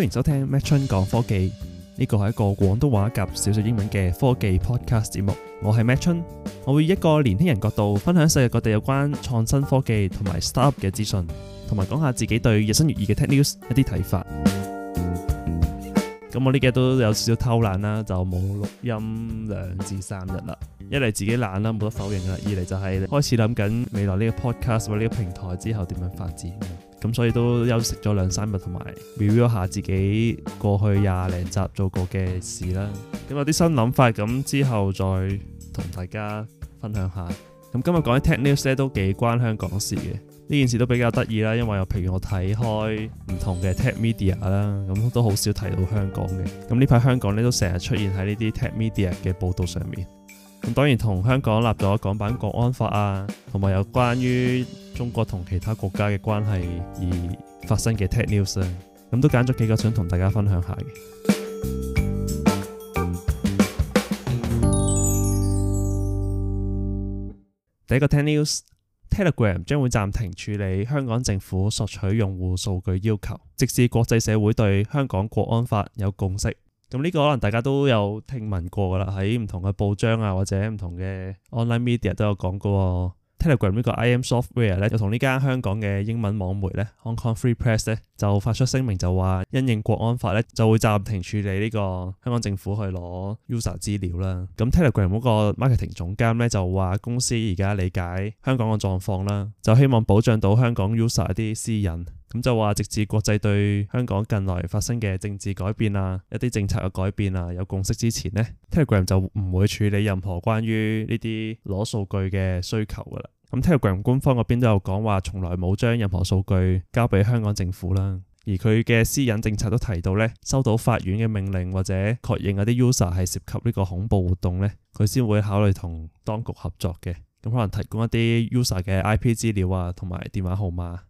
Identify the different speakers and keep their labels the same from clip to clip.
Speaker 1: 歡迎收聽麥春講科技，呢個係一個廣東話及少少英文嘅科技 podcast 節目。我係麥春，我會以一個年輕人角度分享世界各地有關創新科技同埋 startup 嘅資訊，同埋講下自己對日新月異嘅 tech news 一啲睇法。咁、 嗯、我呢幾日都有少少偷懶啦，就冇錄音兩至三日啦。一嚟自己懶啦，冇得否認啦；二嚟就係開始諗緊未來呢個 podcast 或者呢個平台之後點樣發展。咁所以都休息咗兩三日，同埋 review 一下自己過去廿零集做過嘅事啦。咁有啲新諗法，咁之後再同大家分享下。咁今日講啲 tech news 咧都幾關香港事嘅。呢件事都比較得意啦，因為又譬如我睇開唔同嘅 tech media 啦，咁都好少提到香港嘅。咁呢排香港咧都成日出現喺呢啲 tech media 嘅報導上面。當然同香港立咗港版國安法啊，同埋有關於中國同其他國家嘅關係而發生嘅 tech news，咁、啊嗯、都揀咗幾個想同大家分享下嘅。第一個 tech news，Telegram 將會暫停處理香港政府索取用戶數據要求，直至國際社會對香港國安法有共識。咁呢個可能大家都有聽聞過㗎啦，喺唔同嘅報章啊，或者唔同嘅 online media 都有講過。Telegram 呢個 IM software 咧，就同呢間香港嘅英文網媒咧，Hong Kong Free Press 咧，就發出聲明就話，因應國安法咧，就會暫停處理呢個香港政府去攞 user 資料啦。咁 Telegram 嗰個 marketing 總監咧就話，公司而家理解香港嘅狀況啦，就希望保障到香港 user 一啲私隱。咁就話，直至國際對香港近來發生嘅政治改變啊，一啲政策嘅改變啊，有共識之前咧，Telegram 就唔會處理任何關於呢啲攞數據嘅需求噶啦。咁 Telegram 官方嗰邊都有講話，從來冇將任何數據交俾香港政府啦。而佢嘅私隱政策都提到呢，收到法院嘅命令或者確認嗰啲 user 係涉及呢個恐怖活動呢，佢先會考慮同當局合作嘅。咁可能提供一啲 user 嘅 IP 資料啊，同埋電話號碼。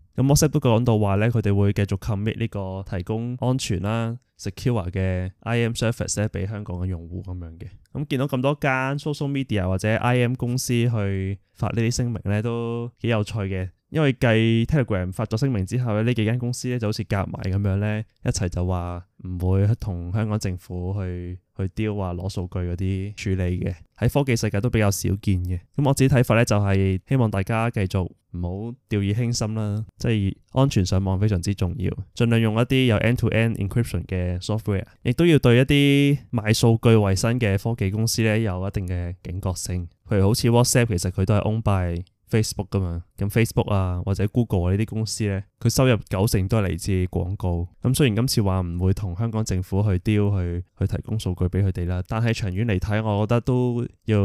Speaker 1: 咁 WhatsApp 都講到話咧，佢哋會繼續 commit 呢個提供安全啦 secure 嘅 IM service 咧，俾香港嘅用戶咁樣嘅。咁、嗯、見到咁多間 social media 或者 IM 公司去發呢啲聲明咧，都幾有趣嘅。因為繼 Telegram 發咗聲明之後咧，呢幾間公司咧就好似夾埋咁樣咧，一齊就話唔會同香港政府去去 deal 話攞數據嗰啲處理嘅，喺科技世界都比較少見嘅。咁我自己睇法呢，就係、是、希望大家繼續唔好掉以輕心啦，即係安全上網非常之重要，儘量用一啲有 end-to-end end encryption 嘅 software，亦都要對一啲賣數據為生嘅科技公司呢，有一定嘅警覺性。譬如好似 WhatsApp，其實佢都係 owned by。Facebook 㗎嘛，咁 Facebook 啊或者 Google 呢啲公司咧，佢收入九成都係嚟自廣告。咁雖然今次話唔會同香港政府去 deal 去去提供數據俾佢哋啦，但係長遠嚟睇，我覺得都要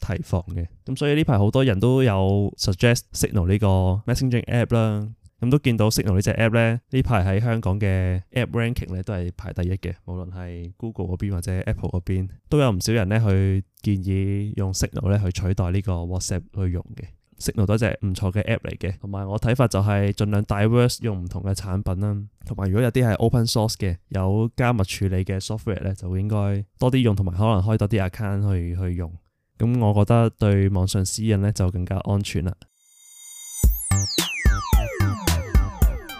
Speaker 1: 提防嘅。咁所以呢排好多人都有 suggest Signal 呢個 Messaging App 啦，咁都見到 Signal 呢隻 App 咧呢排喺香港嘅 App Ranking 咧都係排第一嘅，無論係 Google 嗰邊或者 Apple 嗰邊都有唔少人咧去建議用 Signal 咧去取代呢個 WhatsApp 去用嘅。識到多隻唔錯嘅 app 嚟嘅，同埋我睇法就係盡量 divers 用唔同嘅產品啦。同埋如果有啲係 open source 嘅有加密處理嘅 software 咧，就應該多啲用，同埋可能開多啲 account 去去用。咁我覺得對網上私隱咧就更加安全啦。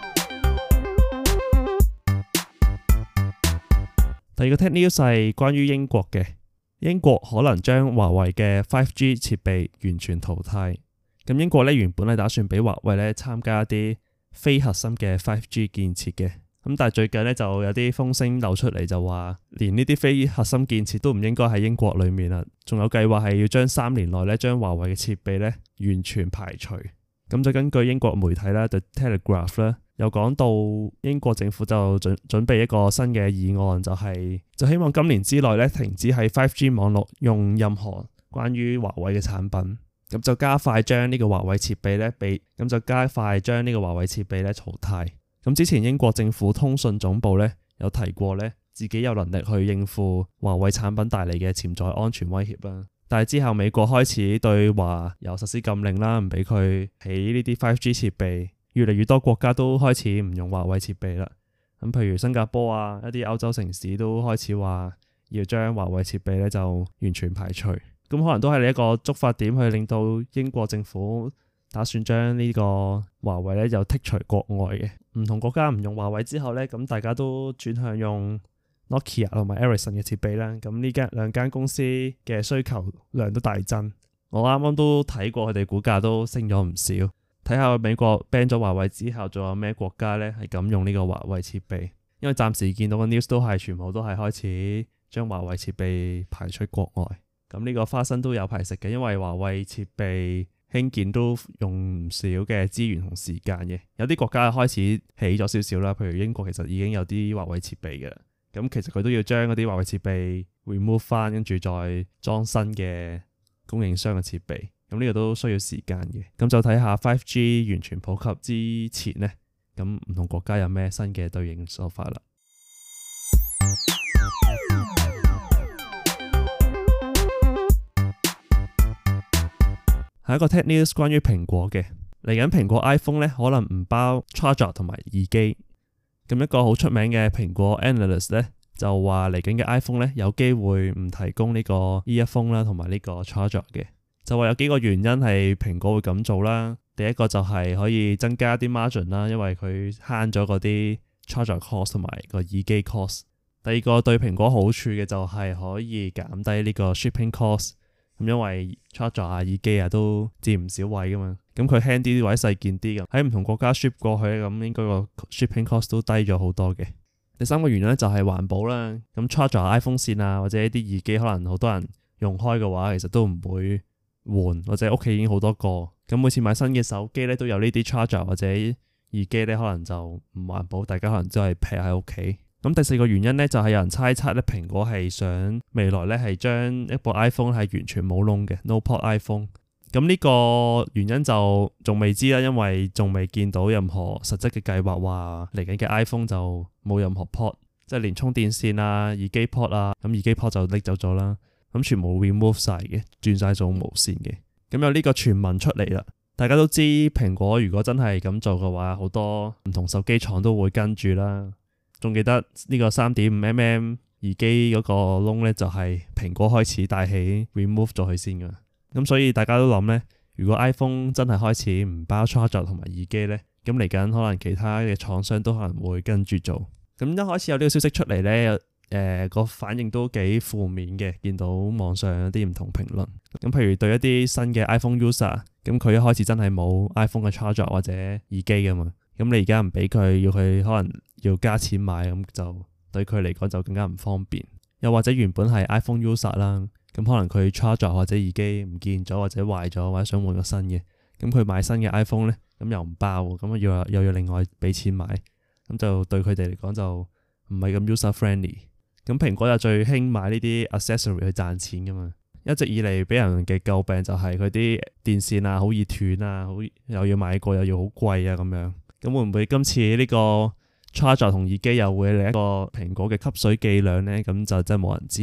Speaker 1: 第二個 t e a d l i n e 係關於英國嘅，英國可能將華為嘅 5G 設備完全淘汰。咁英國咧原本係打算俾華為咧參加一啲非核心嘅 5G 建設嘅，咁但係最近咧就有啲風聲流出嚟，就話連呢啲非核心建設都唔應該喺英國裏面啦。仲有計劃係要將三年內咧將華為嘅設備咧完全排除。咁就根據英國媒體咧 The Telegraph 咧又講到英國政府就準準備一個新嘅議案，就係就希望今年之內咧停止喺 5G 網絡用任何關於華為嘅產品。咁就加快將呢個華為設備呢，俾，咁就加快將呢個華為設備呢，淘汰。咁之前英國政府通訊總部呢，有提過呢，自己有能力去應付華為產品帶嚟嘅潛在安全威脅啦。但係之後美國開始對華有實施禁令啦，唔俾佢起呢啲 5G 設備。越嚟越多國家都開始唔用華為設備啦。咁譬如新加坡啊，一啲歐洲城市都開始話要將華為設備呢，就完全排除。咁可能都係呢一個觸發點，去令到英國政府打算將呢個華為咧就剔除國外。嘅唔同國家唔用華為之後咧，咁大家都轉向用 Nokia 同埋 Ericsson 嘅設備啦。咁呢間兩間公司嘅需求量都大增。我啱啱都睇過佢哋股價都升咗唔少。睇下美國 ban 咗華為之後，仲有咩國家咧係敢用呢個華為設備？因為暫時見到嘅 news 都係全部都係開始將華為設備排除國外。咁呢個花生都有排食嘅，因為華為設備興建都用唔少嘅資源同時間嘅。有啲國家開始起咗少少啦，譬如英國其實已經有啲華為設備嘅。咁其實佢都要將嗰啲華為設備 remove 返，跟住再裝新嘅供應商嘅設備。咁呢個都需要時間嘅。咁就睇下 5G 完全普及之前呢，咁唔同國家有咩新嘅對應做法啦。 係一個 Tech News 關於蘋果嘅。嚟緊蘋果 iPhone 咧，可能唔包 charger 同埋耳機。咁一個好出名嘅蘋果 Analyst 咧，就話嚟緊嘅 iPhone 咧，有機會唔提供呢個 earphone 啦，同埋呢個 charger 嘅。就話有幾個原因係蘋果會咁做啦。第一個就係可以增加啲 margin 啦，因為佢慳咗嗰啲 charger cost 同埋個耳機 cost。第二個對蘋果好處嘅就係可以減低呢個 shipping cost。咁因為 charger 耳機啊都佔唔少位噶嘛，咁佢輕啲啲位細件啲嘅，喺唔同國家 ship 過去，咁應該個 shipping cost 都低咗好多嘅。第三個原因咧就係環保啦，咁、嗯、charger iPhone 線啊或者啲耳機可能好多人用開嘅話，其實都唔會換或者屋企已經好多個，咁每次買新嘅手機咧都有呢啲 charger 或者耳機咧，可能就唔環保，大家可能真係撇喺屋企。咁第四個原因咧，就係有人猜測咧，蘋果係想未來咧，係將一部 iPhone 係完全冇窿嘅 No Port iPhone。咁呢個原因就仲未知啦，因為仲未見到任何實質嘅計劃話嚟緊嘅 iPhone 就冇任何 port，即係連充電線啊、耳機 port 啊，咁耳機 port 就拎走咗啦，咁全部 remove 曬嘅，轉晒做無線嘅。咁有呢個傳聞出嚟啦，大家都知蘋果如果真係咁做嘅話，好多唔同手機廠都會跟住啦。仲記得呢個三點五 mm 耳機嗰個窿呢就係、是、蘋果開始帶起 remove 咗佢先噶。咁所以大家都諗呢，如果 iPhone 真係開始唔包 charge 同埋耳機呢，咁嚟緊可能其他嘅廠商都可能會跟住做。咁一開始有呢個消息出嚟咧，誒個、呃、反應都幾負面嘅。見到網上有啲唔同評論，咁譬如對一啲新嘅 iPhone user，咁佢一開始真係冇 iPhone 嘅 charge 或者耳機噶嘛。咁你而家唔俾佢，要佢可能要加錢買咁就對佢嚟講就更加唔方便。又或者原本係 iPhone User 啦，咁可能佢 charger 或者耳機唔見咗，或者壞咗，或者想換個新嘅，咁佢買新嘅 iPhone 呢，咁又唔包，咁又要又要另外俾錢買，咁就對佢哋嚟講就唔係咁 User Friendly。咁蘋果又最興買呢啲 accessory 去賺錢㗎嘛，一直以嚟俾人嘅詬病就係佢啲電線啊好易斷啊，好又要買過又要好貴啊咁樣。咁會唔會今次呢個 charger 同耳機又會係一個蘋果嘅吸水伎倆呢，咁就真係冇人知。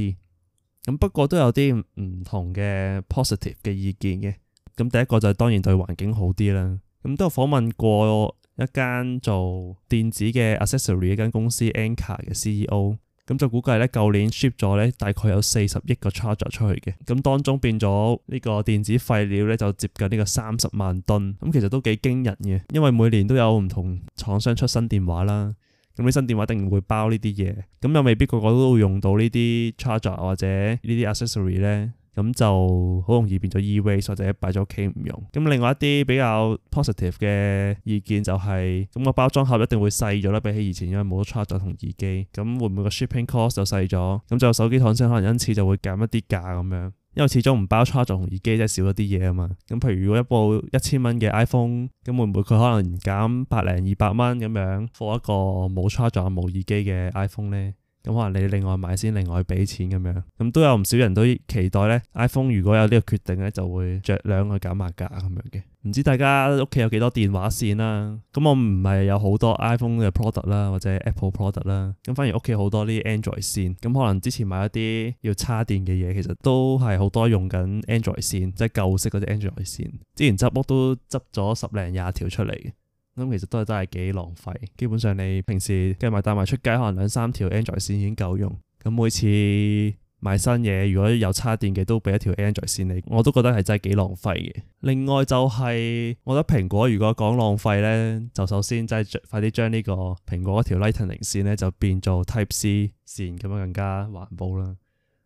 Speaker 1: 咁不過都有啲唔同嘅 positive 嘅意見嘅。咁第一個就係當然對環境好啲啦。咁都有訪問過一間做電子嘅 accessory 一間公司 Anker 嘅 CEO。咁就估計咧，舊年 ship 咗咧，大概有四十億個 charger 出去嘅。咁當中變咗呢個電子廢料咧，就接近呢個三十萬噸。咁其實都幾驚人嘅，因為每年都有唔同廠商出新電話啦。咁啲新電話一定唔會包呢啲嘢，咁又未必個個都會用到呢啲 charger 或者呢啲 accessory 咧。咁就好容易變咗 e-waste 或者擺咗屋企唔用。咁另外一啲比較 positive 嘅意見就係、是，咁個包裝盒一定會細咗啦，比起以前，因為冇咗 charge 同耳機。咁會唔會個 shipping cost 就細咗？咁就手機廠商可能因此就會減一啲價咁樣，因為始終唔包 charge、er、同耳機，即、就、係、是、少咗啲嘢啊嘛。咁譬如如果一部一千蚊嘅 iPhone，咁會唔會佢可能減百零二百蚊咁樣，放一個冇 charge 同冇耳機嘅 iPhone 呢？咁可能你另外買先，另外去俾錢咁樣，咁都有唔少人都期待咧。iPhone 如果有呢個決定咧，就會着兩個減價價咁樣嘅。唔知大家屋企有幾多電話線啦、啊？咁我唔係有好多 iPhone 嘅 product 啦，或者 Apple product 啦，咁反而屋企好多啲 Android 線。咁可能之前買一啲要插電嘅嘢，其實都係好多用緊 Android 線，即、就、係、是、舊式嗰啲 Android 線。之前執屋都執咗十零廿條出嚟。咁其實都係都係幾浪費，基本上你平時計埋帶埋出街可能兩三條 Android 線已經夠用，咁每次買新嘢如果有插電嘅都俾一條 Android 線你，我都覺得係真係幾浪費嘅。另外就係我覺得蘋果如果講浪費呢，就首先真係快啲將呢個蘋果一條 Lightning 線呢，就變做 Type C 線咁樣更加環保啦。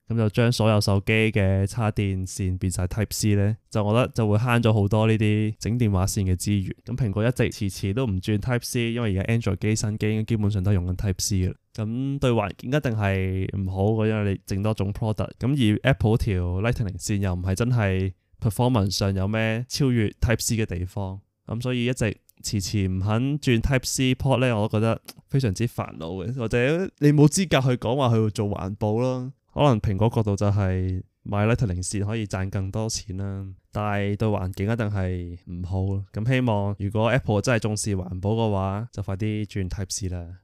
Speaker 1: 咁就將所有手機嘅叉電線變晒 Type C 咧，就我覺得就會慳咗好多呢啲整電話線嘅資源。咁蘋果一直遲遲都唔轉 Type C，因為而家 Android 機新機基本上都用緊 Type C 啦。咁對環境一定係唔好，因為你整多種 product。咁而 Apple 條 Lightning 線又唔係真係 performance 上有咩超越 Type C 嘅地方。咁所以一直遲遲唔肯轉 Type C port 咧，我覺得非常之煩惱嘅。或者你冇資格去講話佢做環保咯。可能蘋果角度就係、是、買 Lightning 線可以賺更多錢啦，但係對環境一定係唔好咯。咁希望如果 Apple 真係重視環保嘅話，就快啲轉 Type C 啦。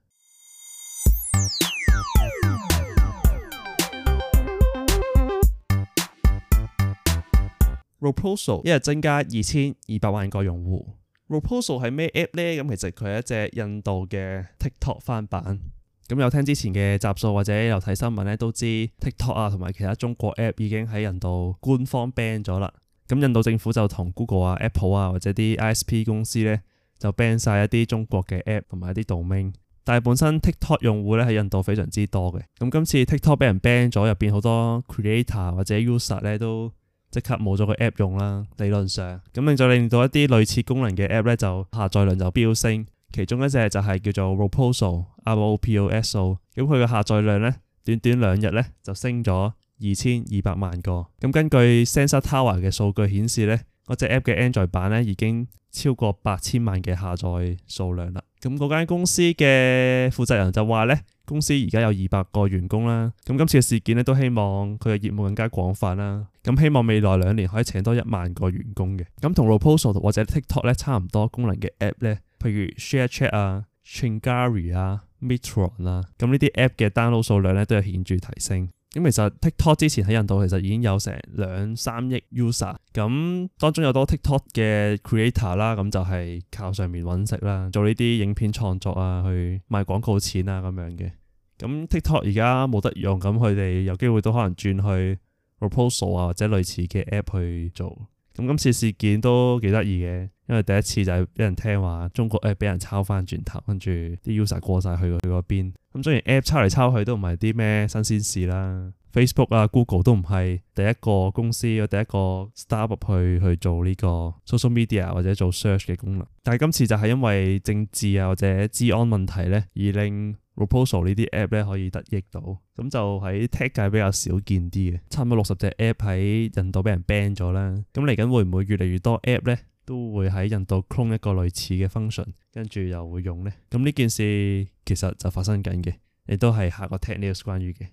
Speaker 1: Roposo 一日增加二千二百萬個用戶。Roposo 係咩 app 呢？咁其實佢係一隻印度嘅 TikTok 翻版。咁有聽之前嘅集數或者有睇新聞咧，都知 TikTok 啊同埋其他中國 app 已經喺印度官方 ban 咗啦。咁印度政府就同 Google 啊、Apple 啊或者啲 ISP 公司咧，就 ban 晒一啲中國嘅 app 同埋一啲 domain。但係本身 TikTok 用戶咧喺印度非常之多嘅。咁今次 TikTok 俾人 ban 咗，入邊好多 creator 或者 user 咧都即刻冇咗個 app 用啦。理論上，咁令到令到一啲類似功能嘅 app 咧就下載量就飆升。其中一隻就係叫做 Roposo R O P O S O，咁佢嘅下載量咧，短短兩日咧就升咗二千二百萬個。咁根據 Sensor Tower 嘅數據顯示咧，嗰隻 App 嘅 Android 版咧已經超過八千萬嘅下載數量啦。咁嗰間公司嘅負責人就話咧，公司而家有二百個員工啦。咁今次嘅事件咧，都希望佢嘅業務更加廣泛啦。咁希望未來兩年可以請多一萬個員工嘅。咁同 Roposo 或者 TikTok 咧差唔多功能嘅 App 咧。譬如 ShareChat 啊、Chingari 啊、Mitron 啊，咁呢啲 App 嘅 download 數量咧都有顯著提升。咁其實 TikTok 之前喺印度其實已經有成兩三億 user，咁當中有多 TikTok 嘅 creator 啦，咁就係靠上面揾食啦，做呢啲影片創作啊，去賣廣告錢啊咁樣嘅。咁 TikTok 而家冇得用，咁佢哋有機會都可能轉去 Proposal 啊或者類似嘅 App 去做。咁今次事件都幾得意嘅，因為第一次就係俾人聽話中國誒俾人抄翻轉頭，跟住啲 user 過晒去去嗰邊。咁雖然 App 抄嚟抄去都唔係啲咩新鮮事啦，Facebook 啊 Google 都唔係第一個公司有第一個 start up 去去做呢個 social media 或者做 search 嘅功能。但係今次就係因為政治啊或者治安問題咧，而令，proposal 呢啲 app 咧可以得益到，咁就喺 tech 界比較少見啲嘅，差唔多六十隻 app 喺印度俾人 ban 咗啦。咁嚟緊會唔會越嚟越多 app 咧都會喺印度 clone 一個類似嘅 function，跟住又會用呢？咁呢件事其實就發生緊嘅，亦都係下個 tech news 關於嘅。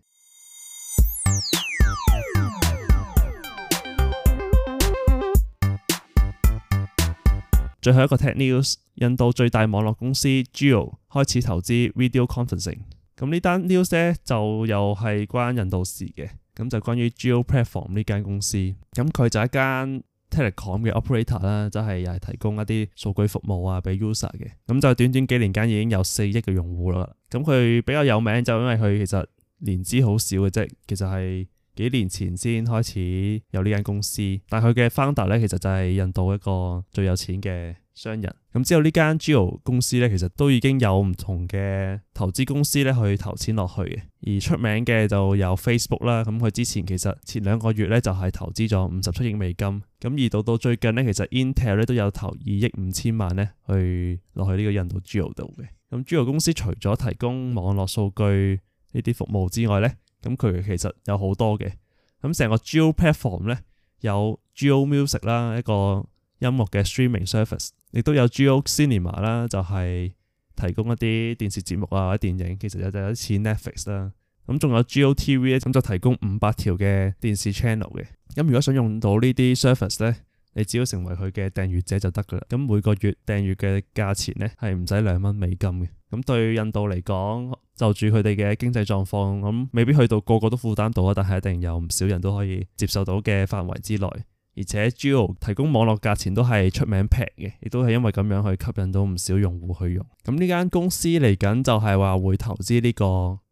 Speaker 1: 最後一個 Tech News，印度最大網絡公司 Jio 開始投資 Video Conferencing。咁呢單 news 呢，就又係關印度事嘅，咁就關於 Jio Platform 呢間公司。咁佢就一間 Telecom 嘅 operator 啦，就係又係提供一啲數據服務啊，俾 user 嘅。咁就短短幾年間已經有四億嘅用戶啦。咁佢比較有名就因為佢其實年資好少嘅啫，其實係。幾年前先開始有呢間公司，但佢嘅 founder 咧其實就係印度一個最有錢嘅商人。咁之後呢間 Jio 公司咧，其實都已經有唔同嘅投資公司咧去投錢落去嘅。而出名嘅就有 Facebook 啦，咁佢之前其實前兩個月咧就係、是、投資咗五十七億美金。咁而到到最近咧，其實 Intel 咧都有投二億五千萬咧去落去呢個印度 Jio 度嘅。咁 Jio 公司除咗提供網絡數據呢啲服務之外咧，咁佢其實有好多嘅，咁成個 Jio platform 咧有 Jio music 啦，一個音樂嘅 streaming service，亦都有 Jio cinema 啦，就係提供一啲電視節目啊、或者電影，其實有就有啲似 Netflix 啦。咁仲有 Jio TV，咁就提供五百條嘅電視 channel 嘅。咁如果想用到呢啲 service 咧，你只要成為佢嘅訂閱者就得噶啦。咁每個月訂閱嘅價錢咧係唔使兩蚊美金嘅。咁對印度嚟講，就住佢哋嘅經濟狀況咁，未必去到個個都負擔到啊，但係一定有唔少人都可以接受到嘅範圍之內。而且 Jio 提供網絡價錢都係出名平嘅，亦都係因為咁樣去吸引到唔少用戶去用。咁呢間公司嚟緊就係話會投資呢個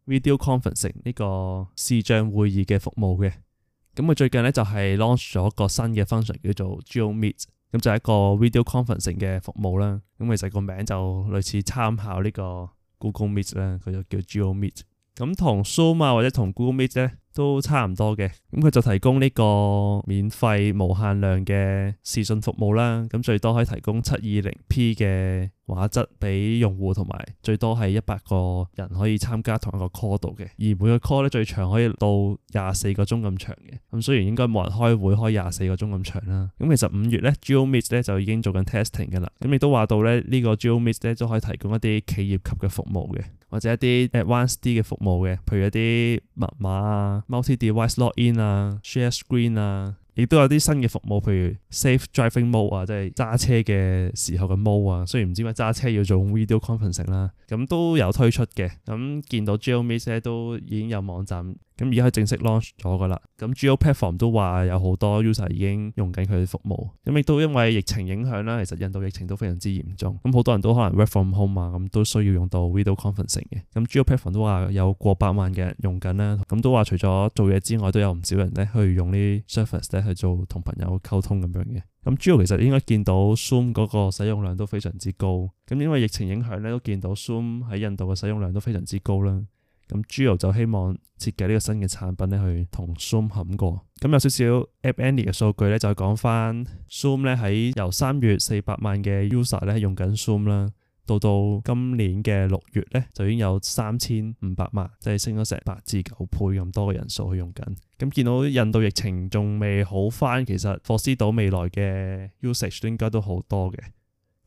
Speaker 1: video conferencing 呢個視像會議嘅服務嘅。咁、嗯、佢最近呢，就係、是、launch 咗個新嘅 function 叫做 JioMeet 咁、嗯、就係、是、一個 video conferencing 嘅服務啦。咁、嗯、其實個名就類似參考呢、這個 Google Meet 咧，佢就叫 JioMeet。咁同 Zoom 啊或者同 Google Meet 咧都差唔多嘅。咁佢就提供呢個免費無限量嘅視訊服務啦。咁最多可以提供七二零 P 嘅畫質俾用戶，同埋最多係一百個人可以參加同一個 call 度嘅，而每個 call 咧最長可以到廿四個鐘咁長嘅。咁、嗯、雖然應該冇人開會開廿四個鐘咁長啦。咁、嗯、其實五月咧 JioMeet 咧就已經做緊 testing 㗎啦。咁、嗯、亦都話到咧，呢、呢個 JioMeet 咧都可以提供一啲企業級嘅服務嘅，或者一啲 advanced 啲嘅服務嘅，譬如一啲密碼啊、multi-device log in 啊、share screen 啊。亦都有啲新嘅服務，譬如 safe driving mode 啊，即係揸車嘅時候嘅 mode 啊，雖然唔知點解揸車要做 video conferencing 啦，咁都有推出嘅。咁見到 gelmi 都已經有網站咁而家係正式 launch 咗噶啦，咁 Jio Platform 都話有好多 user 已經用緊佢嘅服務，咁亦都因為疫情影響啦，其實印度疫情都非常之嚴重，咁好多人都可能 work from home 啊，咁都需要用到 video conferencing 嘅。咁 Jio Platform 都話有過百萬嘅人用緊啦，咁都話除咗做嘢之外，都有唔少人咧去用呢 service 咧去做同朋友溝通咁樣嘅。咁 Jio 其實應該見到 Zoom 嗰個使用量都非常之高，咁因為疫情影響咧，都見到 Zoom 喺印度嘅使用量都非常之高啦。咁 Jio 就希望設計呢個新嘅產品咧，去同 Zoom 撼過。咁有少少 App Annie 嘅數據咧，就係講翻 Zoom 咧喺由三月四百萬嘅 user 咧用緊 Zoom 啦，到到今年嘅六月咧，就已經有三千五百萬，即係升咗成八至九倍咁多嘅人數去用緊。咁見到印度疫情仲未好翻，其實 forecast 到未來嘅 usage 都應該都好多嘅。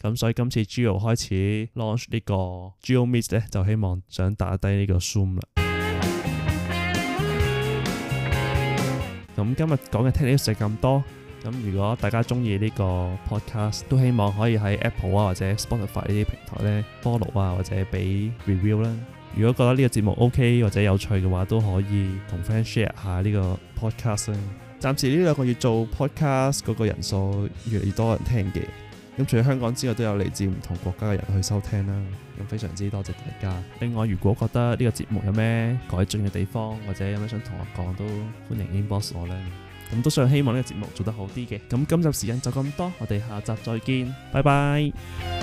Speaker 1: 咁所以今次 Gio 開始 launch 呢個 Gio Meet 咧，就希望想打低呢個 Zoom 啦。咁 今日講嘅聽力就係咁多。咁如果大家中意呢個 podcast，都希望可以喺 Apple 啊或者 Spotify 呢啲平台咧 follow 啊或者俾 review 啦。如果覺得呢個節目 OK 或者有趣嘅話，都可以同 friend share 下呢個 podcast。暫時呢兩個月做 podcast 嗰個人數越嚟越多人聽嘅。咁除咗香港之外，都有嚟自唔同國家嘅人去收聽啦。咁非常之多謝大家。另外，如果覺得呢個節目有咩改進嘅地方，或者有咩想同我講，都歡迎 inbox 我啦。咁都想希望呢個節目做得好啲嘅。咁今集時間就咁多，我哋下集再見，拜拜。